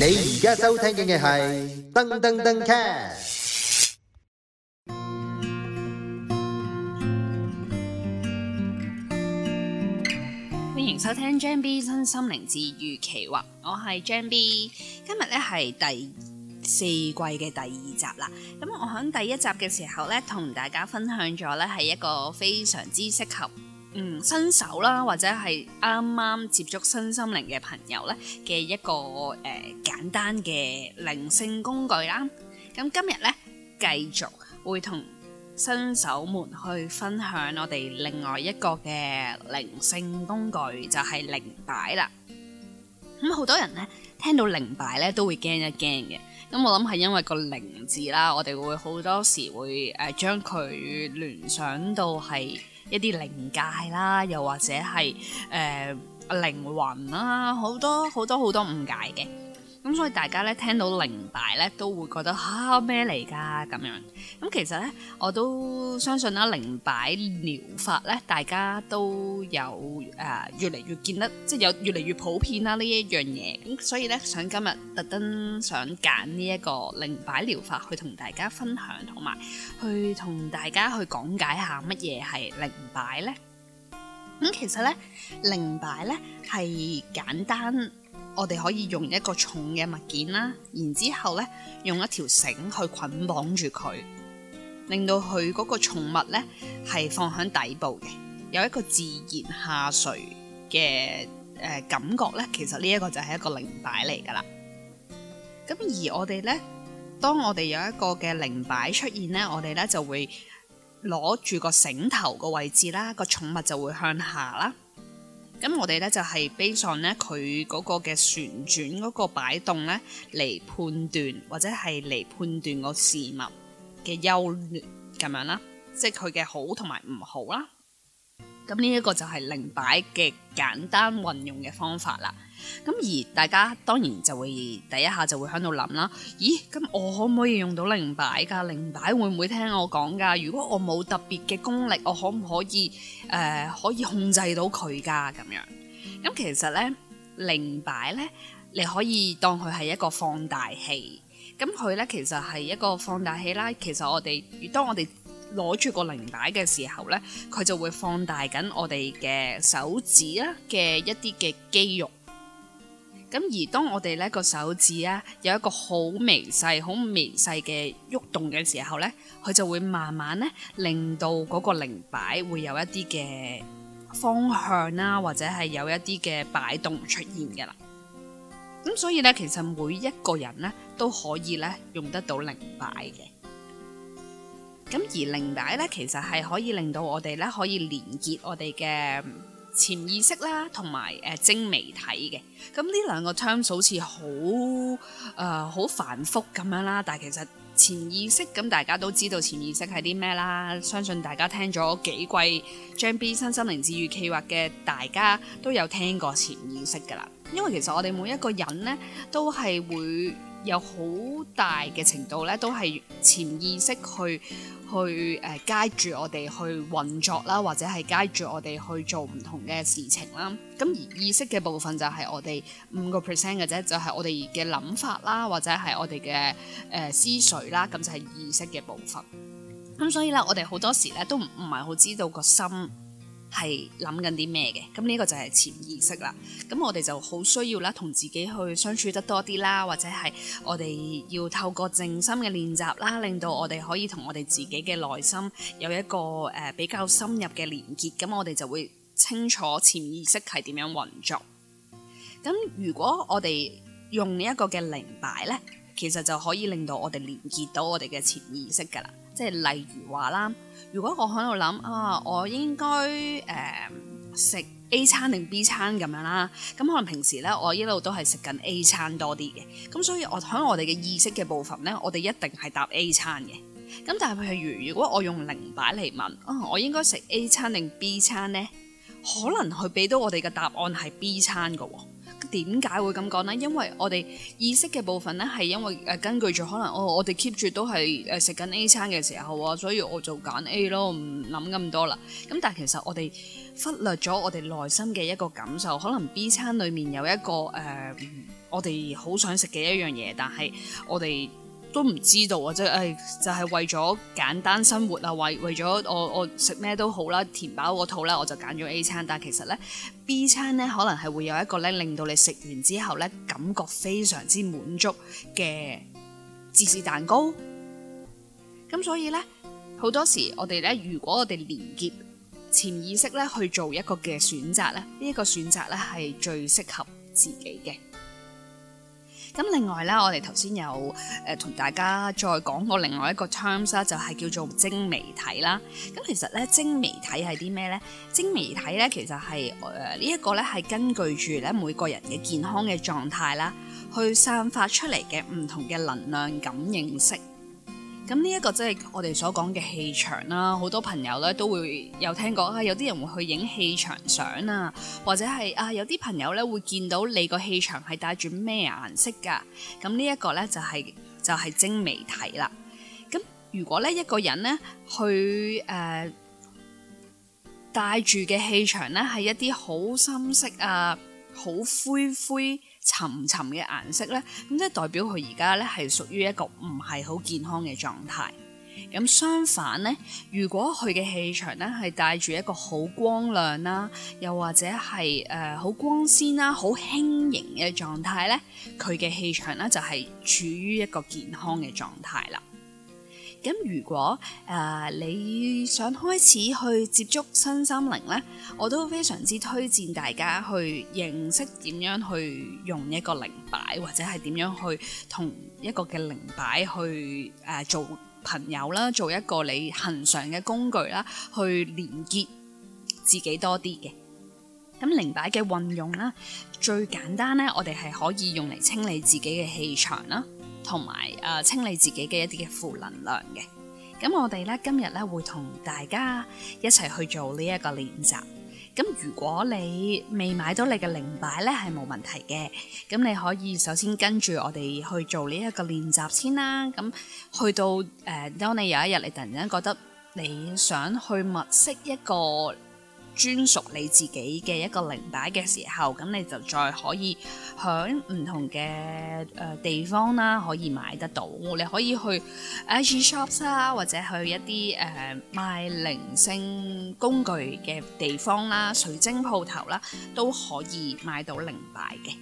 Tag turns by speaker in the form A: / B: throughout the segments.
A: 你而家收聽緊嘅係噔噔噔卡，歡迎收聽 Jam B 新心靈治愈奇話，我係 Jam B。今日咧係第四季嘅第二集啦。咁我喺第一集嘅時候咧，同大家分享咗咧係一個非常之適合。嗯，新手啦，或者係啱啱接觸身心靈嘅朋友咧嘅一個誒簡單嘅靈性工具啦。咁今日咧繼續會同新手們去分享我哋另外一個嘅靈性工具，就係靈擺啦。咁好多人咧聽到靈擺咧都會驚一驚嘅。咁我諗係因為個靈字啦，我哋會好多時會誒將佢聯想到係，一啲靈界啦，又或者係誒、呃、靈魂啦，好多好多好多誤解嘅。咁所以大家咧聽到靈擺咧，都會覺得嚇咩嚟㗎咁樣，咁其實咧我都相信啦，靈擺療法咧大家都有誒越嚟越見得，即係有越嚟越普遍啦呢一樣嘢。咁所以咧想今日特登想揀呢一個靈擺療法去同大家分享，同埋去同大家去講解下乜嘢係靈擺咧。咁其實咧靈擺咧係簡單。我哋可以用一個重嘅物件啦，然之後咧，用一條繩去捆綁住佢，令到佢嗰個重物咧係放喺底部嘅，有一個自然下垂嘅誒感覺咧。其實呢一個就係一個靈擺嚟噶啦。咁、嗯、而我哋咧，當我哋有一個嘅靈擺出現咧，我哋咧就會攞住個繩頭個位置啦，個重物就會向下啦。咁我哋咧就係 base 上咧，佢嗰個嘅旋轉嗰個擺動咧，嚟判斷或者係嚟判斷個事物嘅優劣咁樣啦，即係佢嘅好同埋唔好啦。咁呢一個就係靈擺嘅簡單運用嘅方法啦。咁而大家當然就會第一下就會喺度諗啦。咦？咁我可唔可以用到靈擺㗎？靈擺會唔會聽我講㗎？如果我冇特別嘅功力，我可唔可以誒可以控制到佢㗎咁樣？咁其實呢，靈擺呢，你可以當佢係一個放大器。咁佢呢其實係一個放大器啦。其實我哋當我哋攞住個靈擺嘅時候咧，佢就會放大緊我哋嘅手指啊嘅一啲嘅肌肉。咁而當我哋咧個手指啊有一個好微細好微細嘅喐動嘅時候咧，佢就會慢慢咧令到個個靈擺會有一啲嘅方向啦，或者係有一啲嘅擺動出現嘅啦。咁所以咧，其實每一個人咧都可以咧用得到靈擺嘅。咁而靈帶咧，其實係可以令到我哋咧可以連結我哋嘅潛意識啦，同埋誒精微體嘅。咁呢兩個 term 好似好誒好繁複咁樣啦，但係其實潛意識咁大家都知道潛意識係啲咩啦。相信大家聽咗幾季《Gem B 新心靈治愈企劃》嘅，大家都有聽過潛意識噶啦。因為其實我哋每一個人咧都係會。有好大嘅程度咧，都係潛意識去去誒階住我哋去運作啦，或者係街住我哋去做唔同嘅事情啦。咁而意識嘅部分就係我哋五個 percent 嘅啫，就係、是、我哋嘅諗法啦，或者係我哋嘅誒思緒啦，咁就係意識嘅部分。咁所以咧，我哋好多時咧都唔唔係好知道個心。係諗緊啲咩嘅？咁呢個就係潛意識啦。咁我哋就好需要啦，同自己去相處得多啲啦，或者係我哋要透過靜心嘅練習啦，令到我哋可以同我哋自己嘅內心有一個誒、呃、比較深入嘅連結。咁我哋就會清楚潛意識係點樣運作。咁如果我哋用呢一個嘅靈擺咧，其實就可以令到我哋連結到我哋嘅潛意識㗎啦。即係例如話啦，如果我喺度諗啊，我應該誒食 A 餐定 B 餐咁樣啦，咁可能平時咧我一路都係食緊 A 餐多啲嘅，咁所以我喺我哋嘅意識嘅部分咧，我哋一定係答 A 餐嘅。咁但係譬如如果我用靈擺嚟問啊，我應該食 A 餐定 B 餐咧，可能佢俾到我哋嘅答案係 B 餐嘅喎、哦。點解會咁講呢？因為我哋意識嘅部分呢，係因為誒根據住可能我我哋 keep 住都係誒食緊 A 餐嘅時候啊，所以我就揀 A 咯，唔諗咁多啦。咁但係其實我哋忽略咗我哋內心嘅一個感受，可能 B 餐裡面有一個誒、呃、我哋好想食嘅一樣嘢，但係我哋。都唔知道啊！即係，就係、是就是、為咗簡單生活啊，為為咗我我食咩都好啦，填飽個肚啦，我就揀咗 A 餐。但係其實呢 B 餐呢，可能係會有一個呢，令到你食完之後呢感覺非常之滿足嘅芝士蛋糕。咁所以呢，好多時我哋呢，如果我哋連結潛意識呢去做一個嘅選擇呢，呢、這、一個選擇呢係最適合自己嘅。咁另外咧，我哋頭先有誒同大家再講過另外一個 terms 啦，就係叫做精微體啦。咁其實咧，精微體係啲咩咧？精微體咧，其實係誒呢一個咧，係根據住咧每個人嘅健康嘅狀態啦，去散發出嚟嘅唔同嘅能量感認識。咁呢一個即係我哋所講嘅氣場啦，啊，好多朋友咧都會有聽過啊，有啲人會去影氣場相啊，或者係啊有啲朋友咧會見到你個氣場係帶住咩顏色噶？咁呢一個咧就係就係精微體啦。咁、啊、如果咧一個人咧去誒帶住嘅氣場咧係一啲好深色啊，好灰灰沉沉嘅顏色咧，咁即係代表佢而家咧係屬於一個唔係好健康嘅狀態。咁相反咧，如果佢嘅氣場咧係帶住一個好光亮啦，又或者係誒好光鮮啦、好輕盈嘅狀態咧，佢嘅氣場咧就係處於一個健康嘅狀態啦。咁如果誒、呃、你想開始去接觸身心靈咧，我都非常之推薦大家去認識點樣去用一個靈擺，或者係點樣去同一個嘅靈擺去誒、呃、做朋友啦，做一個你恆常嘅工具啦，去連結自己多啲嘅。咁靈擺嘅運用啦，最簡單咧，我哋係可以用嚟清理自己嘅氣場啦。同埋誒，清理自己嘅一啲嘅負能量嘅，咁我哋咧今日咧會同大家一齊去做呢一個練習。咁如果你未買到你嘅靈擺咧，係冇問題嘅。咁你可以首先跟住我哋去做呢一個練習先啦。咁去到誒、呃、當你有一日你突然間覺得你想去物色一個。專屬你自己嘅一個靈擺嘅時候，咁你就再可以喺唔同嘅誒地方啦，可以買得到。我哋可以去 IG shops 啦，或者去一啲誒賣靈性工具嘅地方啦、水晶鋪頭啦，都可以買到靈擺嘅。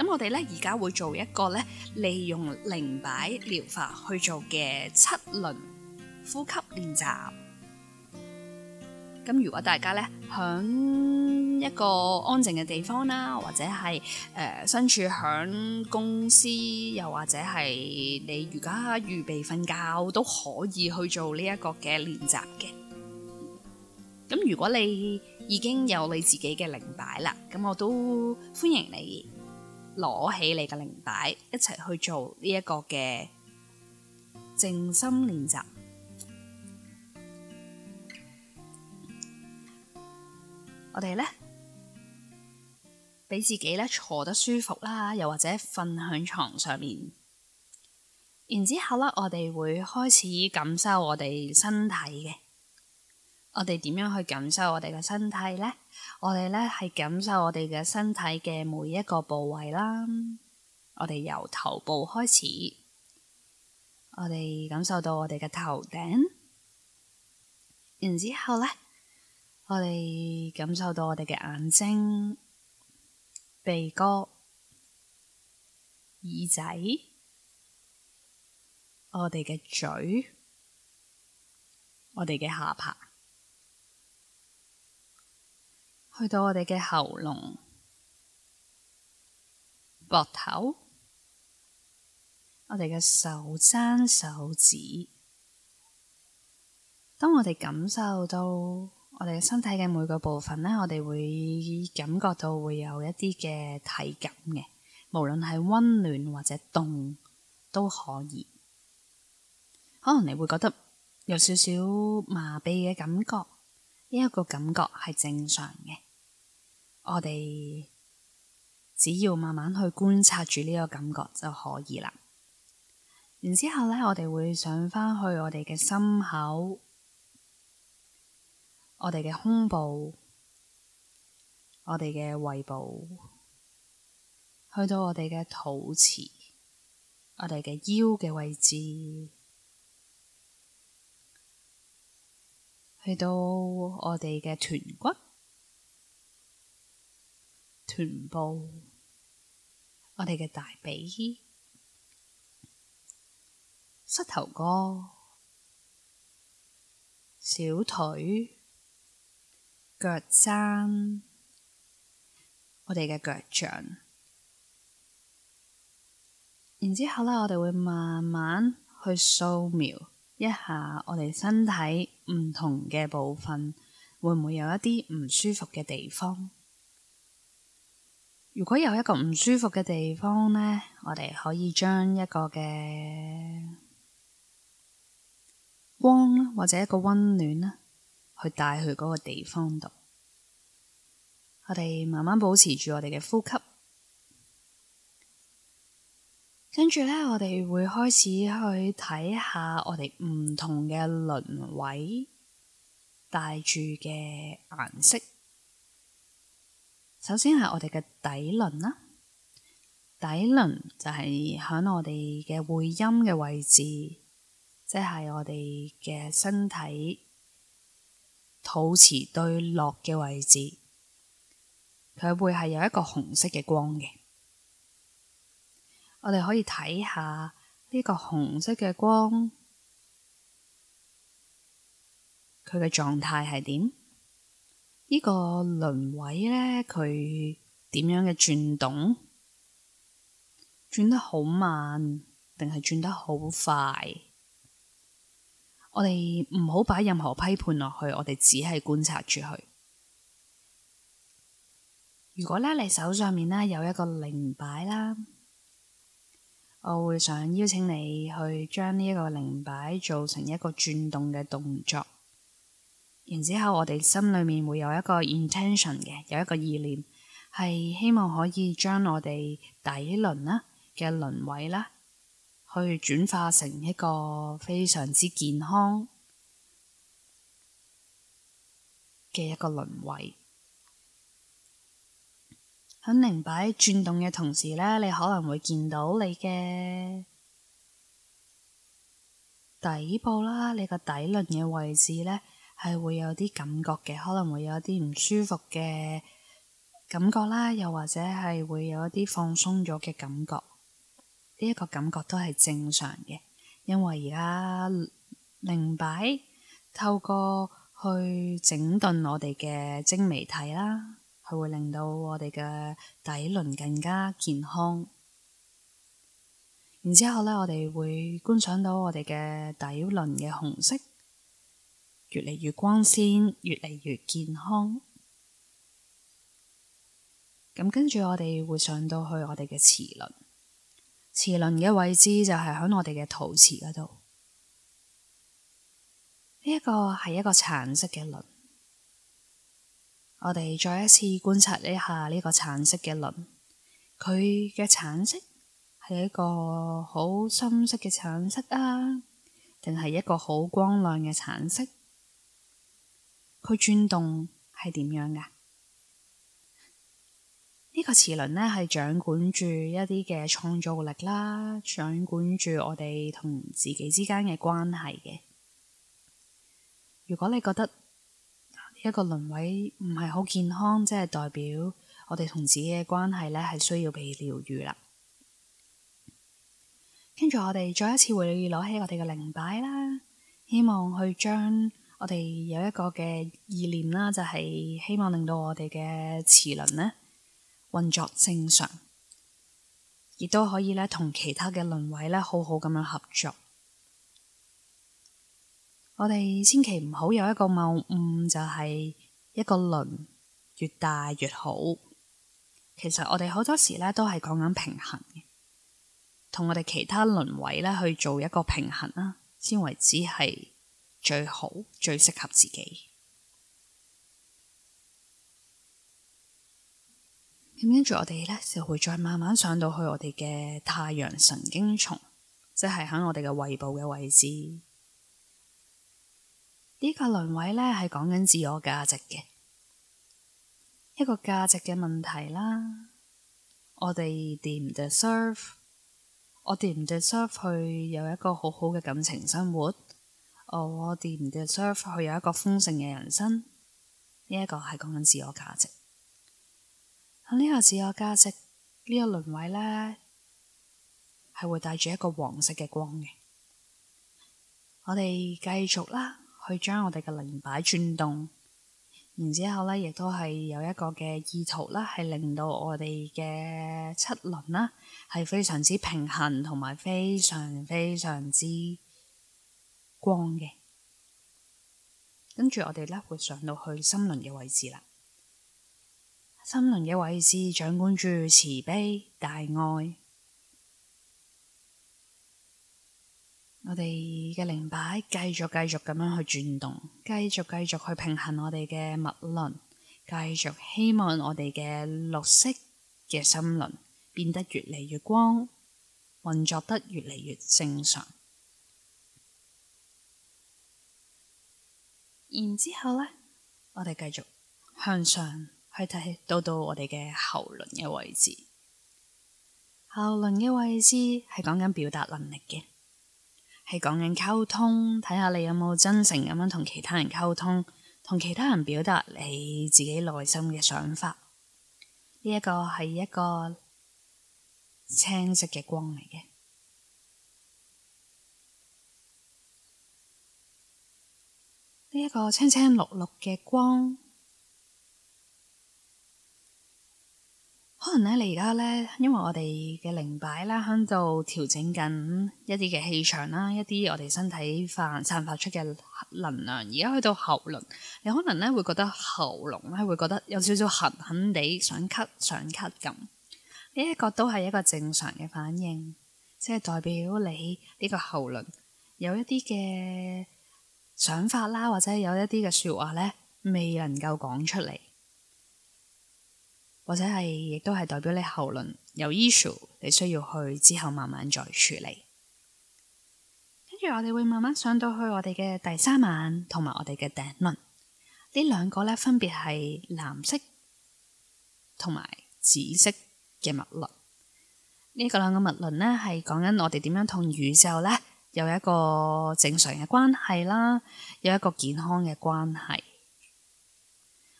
A: 咁我哋咧而家會做一個咧，利用靈擺療法去做嘅七輪呼吸練習。咁如果大家咧喺一個安靜嘅地方啦，或者係誒身處喺公司，又或者係你而家預備瞓覺，都可以去做呢一個嘅練習嘅。咁如果你已經有你自己嘅零擺啦，咁我都歡迎你攞起你嘅靈擺一齊去做呢一個嘅靜心練習。我哋咧，俾自己咧坐得舒服啦，又或者瞓響床上面。然之後咧，我哋會開始感受我哋身體嘅。我哋點樣去感受我哋嘅身體咧？我哋咧係感受我哋嘅身體嘅每一個部位啦。我哋由頭部開始，我哋感受到我哋嘅頭頂。然之後咧。我哋感受到我哋嘅眼睛、鼻哥、耳仔，我哋嘅嘴，我哋嘅下巴，去到我哋嘅喉嚨、膊頭，我哋嘅手踭、手指。當我哋感受到。我哋身體嘅每個部分呢，我哋會感覺到會有一啲嘅體感嘅，無論係温暖或者凍都可以。可能你會覺得有少少麻痹嘅感覺，呢一個感覺係正常嘅。我哋只要慢慢去觀察住呢個感覺就可以啦。然之後咧，我哋會上翻去我哋嘅心口。我哋嘅胸部，我哋嘅胃部，去到我哋嘅肚臍，我哋嘅腰嘅位置，去到我哋嘅臀骨、臀部，我哋嘅大髀、膝頭哥、小腿。腳踭，我哋嘅腳掌，然之後咧，我哋會慢慢去掃描一下我哋身體唔同嘅部分，會唔會有一啲唔舒服嘅地方？如果有一個唔舒服嘅地方咧，我哋可以將一個嘅光或者一個温暖咧，去帶去嗰個地方度。我哋慢慢保持住我哋嘅呼吸，跟住咧，我哋會開始去睇下我哋唔同嘅輪位帶住嘅顏色。首先係我哋嘅底輪啦，底輪就係響我哋嘅會陰嘅位置，即係我哋嘅身體肚臍對落嘅位置。佢會係有一個紅色嘅光嘅，我哋可以睇下呢個紅色嘅光，佢嘅狀態係點？呢個輪位呢，佢點樣嘅轉動？轉得好慢定係轉得好快？我哋唔好把任何批判落去，我哋只係觀察住佢。如果咧，你手上面咧有一個靈擺啦，我會想邀請你去將呢一個靈擺做成一個轉動嘅動作，然之後我哋心裏面會有一個 intention 嘅，有一個意念係希望可以將我哋底輪啦嘅輪位啦，去轉化成一個非常之健康嘅一個輪位。喺靈擺轉動嘅同時咧，你可能會見到你嘅底部啦。你個底輪嘅位置咧，係會有啲感覺嘅，可能會有啲唔舒服嘅感覺啦，又或者係會有一啲放鬆咗嘅感覺。呢、這、一個感覺都係正常嘅，因為而家靈擺透過去整頓我哋嘅精微體啦。佢會令到我哋嘅底輪更加健康，然之後咧，我哋會觀賞到我哋嘅底輪嘅紅色越嚟越光鮮，越嚟越健康。咁跟住我哋會上到去我哋嘅臍輪，臍輪嘅位置就係喺我哋嘅肚臍嗰度。呢一個係一個橙色嘅輪。我哋再一次觀察一下呢個橙色嘅輪，佢嘅橙色係一個好深色嘅橙色啊，定係一個好光亮嘅橙色？佢轉動係點樣噶？呢個齒輪呢，係掌管住一啲嘅創造力啦，掌管住我哋同自己之間嘅關係嘅。如果你覺得，一個輪位唔係好健康，即係代表我哋同自己嘅關係咧係需要被療癒啦。跟住我哋再一次會攞起我哋嘅靈擺啦，希望去將我哋有一個嘅意念啦，就係希望令到我哋嘅齒輪咧運作正常，亦都可以咧同其他嘅輪位咧好好咁樣合作。我哋千祈唔好有一個謬誤，就係、是、一個輪越大越好。其實我哋好多時咧都係講緊平衡嘅，同我哋其他輪位咧去做一個平衡啦，先為之係最好、最適合自己。咁跟住我哋咧就會再慢慢上到去我哋嘅太陽神經叢，即係喺我哋嘅胃部嘅位置。呢個輪位咧係講緊自我價值嘅一個價值嘅問題啦。我哋掂唔 deserve？我掂唔 deserve 去有一個好好嘅感情生活？我掂唔 deserve 去有一個豐盛嘅人生？呢、這、一個係講緊自我價值。喺、這、呢個自我價值呢、這個輪位咧，係會帶住一個黃色嘅光嘅。我哋繼續啦。去將我哋嘅靈擺轉動，然之後咧亦都係有一個嘅意圖啦，係令到我哋嘅七輪啦係非常之平衡，同埋非常非常之光嘅。跟住我哋咧會上到去心輪嘅位置啦，心輪嘅位置掌管住慈悲大愛。我哋嘅靈擺繼續繼續咁樣去轉動，繼續繼續去平衡我哋嘅脈輪，繼續希望我哋嘅綠色嘅心輪變得越嚟越光，運作得越嚟越正常。然之後咧，我哋繼續向上去睇，到到我哋嘅喉輪嘅位置，喉輪嘅位置係講緊表達能力嘅。係講緊溝通，睇下你有冇真誠咁樣同其他人溝通，同其他人表達你自己內心嘅想法。呢一個係一個青色嘅光嚟嘅，呢一個青青綠綠嘅光。可能咧，你而家咧，因為我哋嘅靈擺啦，響度調整緊一啲嘅氣場啦，一啲我哋身體發散發出嘅能量，而家去到喉嚨，你可能咧會覺得喉嚨咧會覺得有少少痕痕地，想咳想咳咁，呢一個都係一個正常嘅反應，即係代表你呢個喉嚨有一啲嘅想法啦，或者有一啲嘅說話咧，未能夠講出嚟。或者係亦都係代表你後輪有 issue，你需要去之後慢慢再處理。跟住我哋會慢慢上到去我哋嘅第三眼同埋我哋嘅頂輪，呢兩個咧分別係藍色同埋紫色嘅物輪。呢個兩個物輪呢係講緊我哋點樣同宇宙呢有一個正常嘅關係啦，有一個健康嘅關係。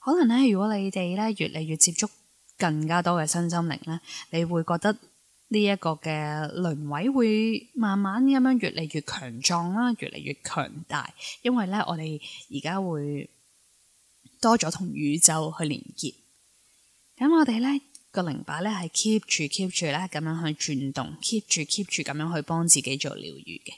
A: 可能呢，如果你哋呢越嚟越接觸。更加多嘅身心靈呢，你會覺得呢一個嘅輪位會慢慢咁樣越嚟越強壯啦，越嚟越強大，因為呢，我哋而家會多咗同宇宙去連結，咁我哋呢、呢個靈擺呢，係 keep 住 keep 住呢，咁樣去轉動，keep 住 keep 住咁樣去幫自己做療愈嘅，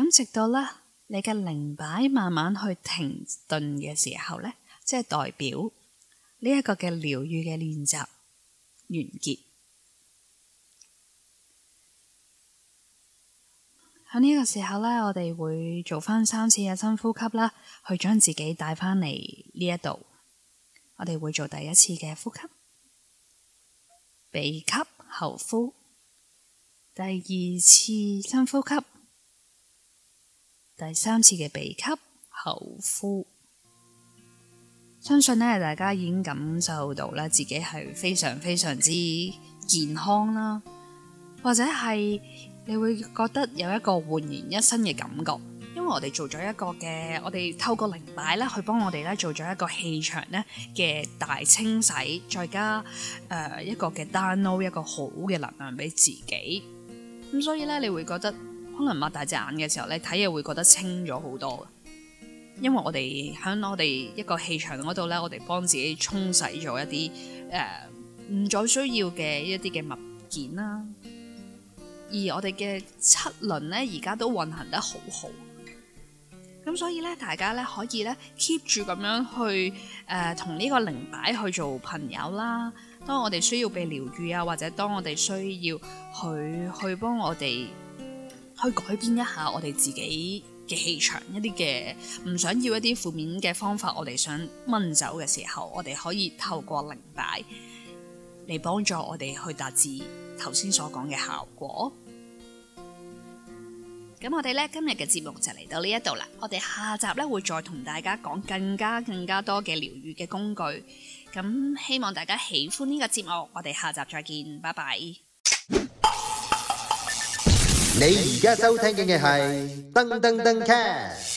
A: 咁直到啦。你嘅靈擺慢慢去停頓嘅時候呢，即係代表呢一個嘅療愈嘅練習完結。喺呢個時候咧，我哋會做翻三次嘅深呼吸啦，去將自己帶翻嚟呢一度。我哋會做第一次嘅呼吸，鼻吸喉呼，第二次深呼吸。第三次嘅鼻吸喉呼，相信咧大家已經感受到咧自己係非常非常之健康啦，或者係你會覺得有一個煥然一新嘅感覺，因為我哋做咗一個嘅，我哋透過靈擺咧去幫我哋咧做咗一個氣場咧嘅大清洗，再加誒一個嘅 download 一個好嘅能量俾自己，咁所以咧你會覺得，可能擘大隻眼嘅時候咧，你睇嘢會覺得清咗好多。因為我哋喺我哋一個氣場嗰度咧，我哋幫自己沖洗咗一啲誒唔再需要嘅一啲嘅物件啦。而我哋嘅七輪咧，而家都運行得好好。咁所以咧，大家咧可以咧 keep 住咁樣去誒同呢個靈擺去做朋友啦。當我哋需要被療愈啊，或者當我哋需要去去，去幫我哋。去改變一下我哋自己嘅氣場，一啲嘅唔想要一啲負面嘅方法，我哋想掹走嘅時候，我哋可以透過靈擺嚟幫助我哋去達至頭先所講嘅效果。咁我哋呢今日嘅節目就嚟到呢一度啦，我哋下集呢會再同大家講更加更加多嘅療愈嘅工具。咁希望大家喜歡呢個節目，我哋下集再見，拜拜。你而家收聽嘅係《噔噔噔 cat